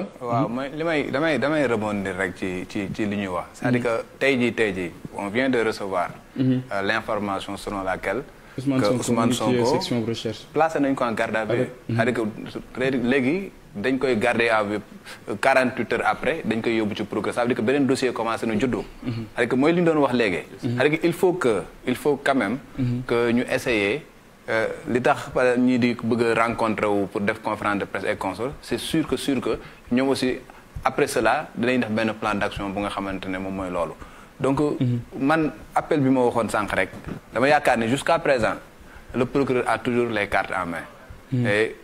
waaw mooy hmm? li may damay damay rebondir rek ci ci ci li ñuy wax c'est-à-dire hmm. tey jii tey ji on vient de recevoir hmm. euh, l'information selon laquelle Ousmane Sonko Ousmane Sonko placé nañ ko en garde à vue c'est-à-dire que léegi dañ koy garder à vue 48 euh, heures après dañ koy yóbbu ci procureur ça veut dire beneen dossier commencé na juddu cest à mooy li ñu doon wax léegi c'est-à-dire que il faut que il faut quand même que ñu essayer Euh, li tax par ñii di bëgg rencontre wu pour def conférence de presse et consorts c' est que sûr que ñoom aussi après cela dinañ def benn plan d' bu nga xamante ne moom mooy loolu. donc euh, mhm. man appel bi ma waxoon sànq rek dama yaakaar ne jusqu' à présent le procureur a toujours les cartes en main. Mhm. et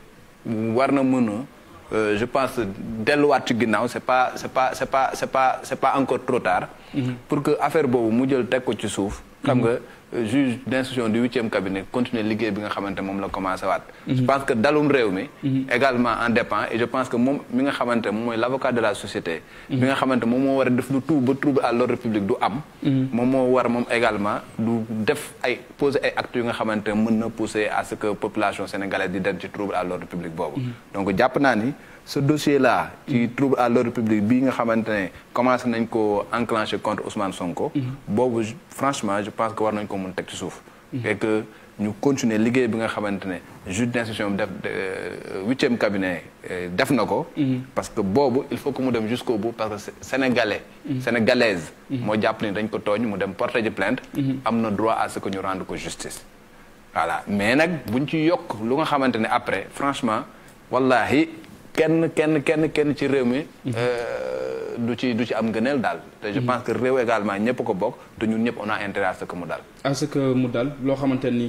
war na mën a euh, je pense delluwaat ci ginnaaw c' est pas c' est pas c' pas encore trop tard. Mhm. pour que affaire boobu mu jël teg ko ci suuf. xam nga. juge d'instruction du huitième cabinet continuer liggéey bi nga xamante moom la commencé waat mhm. je pense que dalum réew mi mhm. également en dépend et je pense que moom mi nga xamante moom mooy l'avocat de la société mhm. mi nga xamante moom moo war def lu tout ba trouble à l'ordre public du am moom moo war moom également du def ay poser ay actes nga xamante mën na pousser à ce que population sénégalaise di dem ci trouble à l'ordre public boobu donc jàpp naa ni ce dossier bi nga xamante ne commencé nañ ko enclencher contre Ousmane Sonko boobu franchement je pense que ko mun teg ci suuf. et que ñu continuer liggéey bi nga xamante ne juge d'instruction bi def euh, huitième cabinet euh, def na ko. Mhm. parce que boobu il faut que mu dem jusqu'au bu parce que sénégalais. Mhm. sénégalaise. Mhm. moo jàpp ni dañ ko tooñ mu dem porter ji plainte. am na droit à ce que ñu rende ko justice. voilà mais nag buñ ci yokk lu nga xamante après franchement wallahi kenn kenn kenn kenn ci réew mi. Euh, du ci am gëneel daal te je mhm. pense que réew également ñëpp ko bokk te ñun ñëpp on a intérêt à ce que mu daal à ce que mu daal loo xamante ni